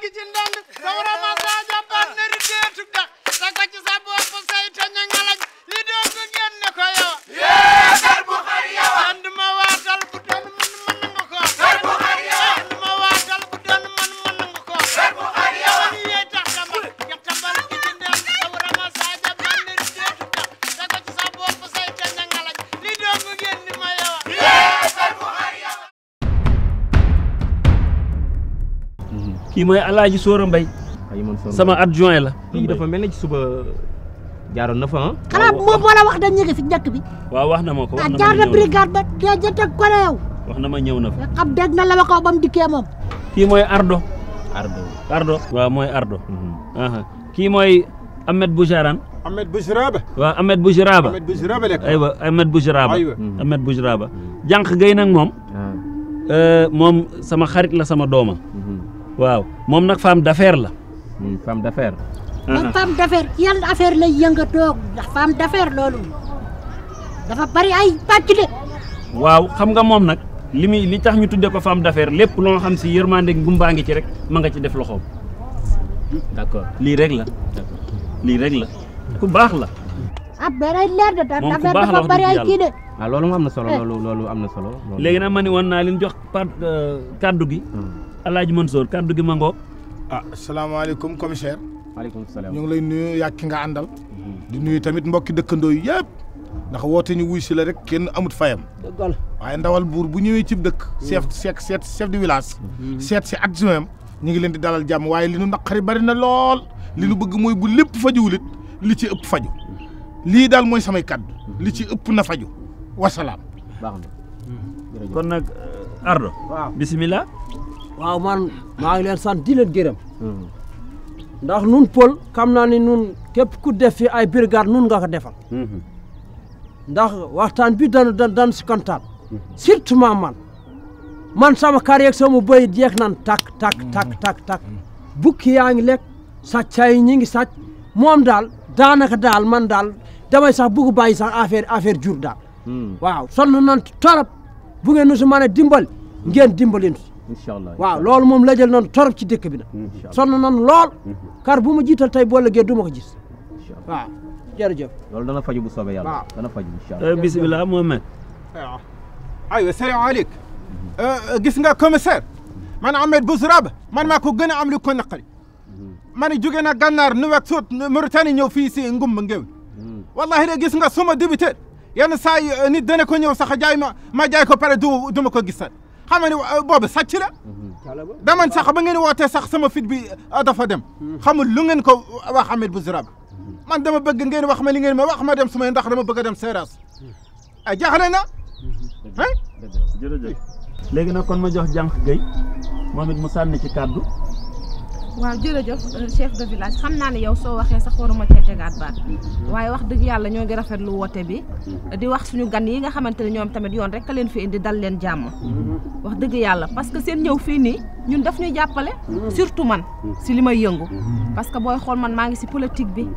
ngi ci ndànd. sama ramas daa jàmbaar nari deetu da sa ko ci kii mooy alaaji Sóora Mbay sama adjoint la kii mel ne ci suba jaaroon moom ah. wala wax da ñëge fi bi waaw wax na ma ko ah, wax na ma ñëw na fa xam dégg na la ma ko ba mu dikkee moom kii mooy Ardo Ardo waaw mooy Ardo mhm. kii mooy Ahmed Boujaran Ahmed Boujraba waaw Ahmed Boujraba Ahmed Boujraba mhm. mhm. jànq gay nag moom ah. euh, moom sama xarit la sama dooma waaw moom nag femme d'affaires la. Hmm, femme d'affaires. moom ah. femme d'affaires yan affaire lay yëngatoo ndax femme d'affaires loolu dafa bari ay pàcc de. waaw xam nga moom nag li muy li tax ñu tuddee ko femme d'affaires lépp loo xam si yërmande gumbaa ngi ci rek ma nga ci def loxoom. lii rek la. lii rek la ku baax la. ah beneen leer de dafa dafa bari ay kii de. ah loolu am na solo eh. loolu loolu am na solo. léegi nag ma ne woon naa leen jox part euh, kàddu gi. Hmm. Alaaji Mansour kàddu gi ma a ah salaamaaleykum commissaire maaleykum salaam ñu ngi lay nuyu yaa ki nga àndal mhm. di nuyu tamit mbokki dëkkandoo yi yëpp ndax woote ñu wuy si la rek kenn amut fayam waaye ndawal buur bu ñëwee cib dëkk mhm. chef seet seet chef de village mhm. seet si adjoint ñu ngi leen di dalal jàmm waaye li nu naqari bari na lool li nu bëgg mooy bu lépp fajuwulit li ci ëpp faju lii daal mooy samay kàddu li ci ëpp na faju wasalaam kon nag Ardo waaw man maa ngi leen sant di leen gërëm. ndax nun pël xam naa ni nun képp ku def fi ay brigade nun nga ka defal. ndax waxtaan bi danu danu si kontaan. surtout man man sama kar yeeg sama bëy jeex nan tak tak tak tak tak bukki yaa ngi lekk sàcca yi ñi ngi sàcc moom daal daanaka daal man daal damay sax bugg bàyyi sax affaire affaire jur daal. Hmm. waaw sonn nan torop bu ngeen nu si mën a dimbali ngeen dimbalin incha allah waaw loolu moom la jël nañ torop ci dëkk bi mm-hmm. soon sonn nañ lool mm-hmm. kar bu ma jiital tey boo lëggee du ma ko gis waaw jërëjëf loolu dana faju bu soobee yàlla dana eh, eh, eh, gis nga commissaire man Ahmed Bouzrab man maa ko gën a am lu ko naqari mm-hmm. man jóge na gànnaar nu wek suut Mauritanie ñëw fii si ngumba wallahi de gis nga suma débuté yenn saa yi nit dana ko ñëw sax jaay ma ma jaay ko pare du du ma ko gisal xam nga ni euh, boobu sàcc la dama sax ba ngeen wootee sax sama fit bi euh, dafa dem xamul lu ngeen ko wax Ahmed Bouziram man dama bëgg ngeen wax ma li ngeen ma wax ma dem sumay may ndax dama bëgg a dem Seras a ah, jaaxle na ah jërëjëf léegi nag kon ma jox jànq Guèye moom it mu sànni ci kàddu waaw jërëjëf euh, chef de village xam naa ne yow soo waxee sax waruma cee tegaat baat waaye wax dëgg yàlla ñoo ngi rafetlu woote bi di wax suñu gan yi nga xamante ne ñoom tamit yoon rek ka leen fi indi dal leen jàmm wax dëgg yàlla parce que seen ñëw fii nii ñun daf ñuy jàppale surtout man si li may yëngu parce que booy xool man maa ngi si politique bi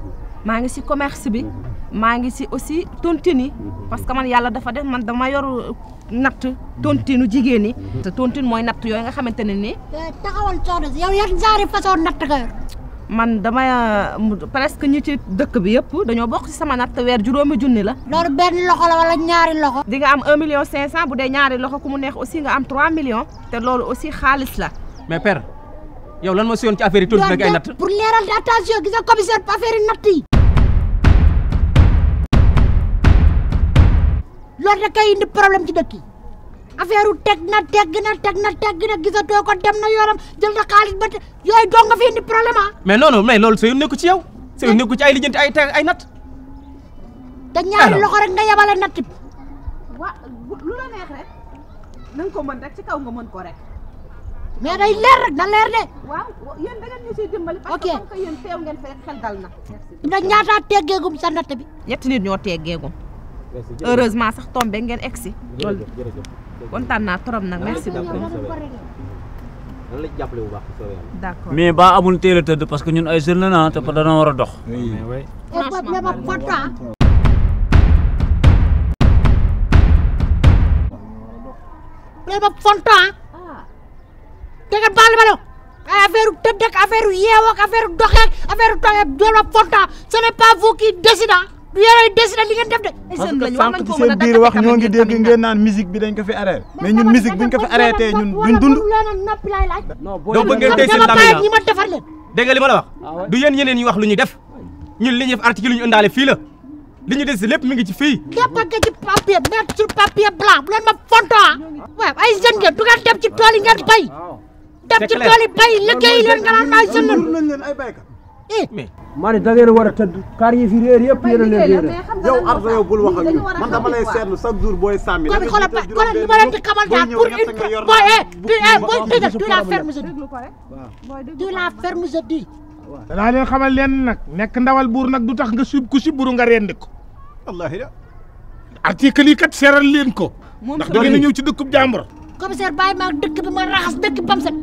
maa ngi si commerce bi maa ngi si aussi tontine yi parce que man yàlla dafa def man dama yoru natt tontinu jigéen ñi. te tontine mooy natt yooy nga xamante ne nii. taxawal soxna si yow yan genre façon natt nga man dama presque ñi ci dëkk bi yëpp dañoo bokk ci sama natt weer juróomi junni la. loolu benn loxo la wala ñaari loxo. di nga am un million cinq cent bu dee ñaari loxo ku mu neex aussi nga am trois millions. te loolu aussi xaalis la. mais père yow lan ma si yoon ci affaire yi ay natt. pour leeral attention gis nga commissaire affaire yi natt yi. loolu na kay indi problème ci dëkk yi affaire u teg na teg na teg na teg na gisatoo ko dem na yoram jël na xaalis ba te yooyu dong nga fi indi problème ah. mais non non mais loolu sa nekku ci yow. sa yu nekku ci ay lijjanti ay te ay natt. te ñaari loxo rek nga yebale natt lu la na nga ko mën rek ci kaw nga mën ko rek. mais day leer rek na leer de. waaw ok parce que comme que yéen na. merci. ñaata teggeegum sa natt bi. ñetti nit ñoo teggeegum. heureusement sax tombé ngeen egg si. loolu kontaan naa trop nag merci beaucoup. nan la jàppale bu mais ba amul teel parce que ñun ay jeunes naa te dana war a ay affaire tëdd ak affaire yeewoo ak affaire doxee affaire ba fonto ce n'est pas vous qui décidez du yore décidé li ngeen def de. sën lañu war nañu wax ñoo ngi dégg ngeen naan musique bi dañ ko fi arrêté. mais ñun musique buñ ko fi arrêté ñun dund. non boo leen ngeen tey seen làmmiñ li ma la wax ah du yéen yeneen ñu wax lu ñu def ñun li ñuy def article ñu indaale fii la li ñu des lépp mi ngi ci fii. lépp nga ci papier mettre sur papier blanc bu leen ma fonto ah. ay jeunes ngeen du ngeen dem ci tool ngeen bay. dem ci tool yi bay liggéey leen nga naan ay jeunes Eh, maa ne da ngeen war a tëdd kaar yi fi réer yëpp yéen a leen réer yow Ardo yow bul wax ak ñun man dama lay seetlu chaque jour booy sàmmi kon xoolal xoolal li ma leen di xamal daal pour une fois booy eh, eh tu la ferme je dis tu la ferme je dis danaa leen xamal leen nag nekk ndawal buur nag du tax nga sub ku siburu nga rendi ko wallaahi la article yi kat seeral leen ko ndax da ngeen a ñëw ci dëkkub jàmbur commissaire bàyyi maa dëkk bi ma raxas dëkk bam set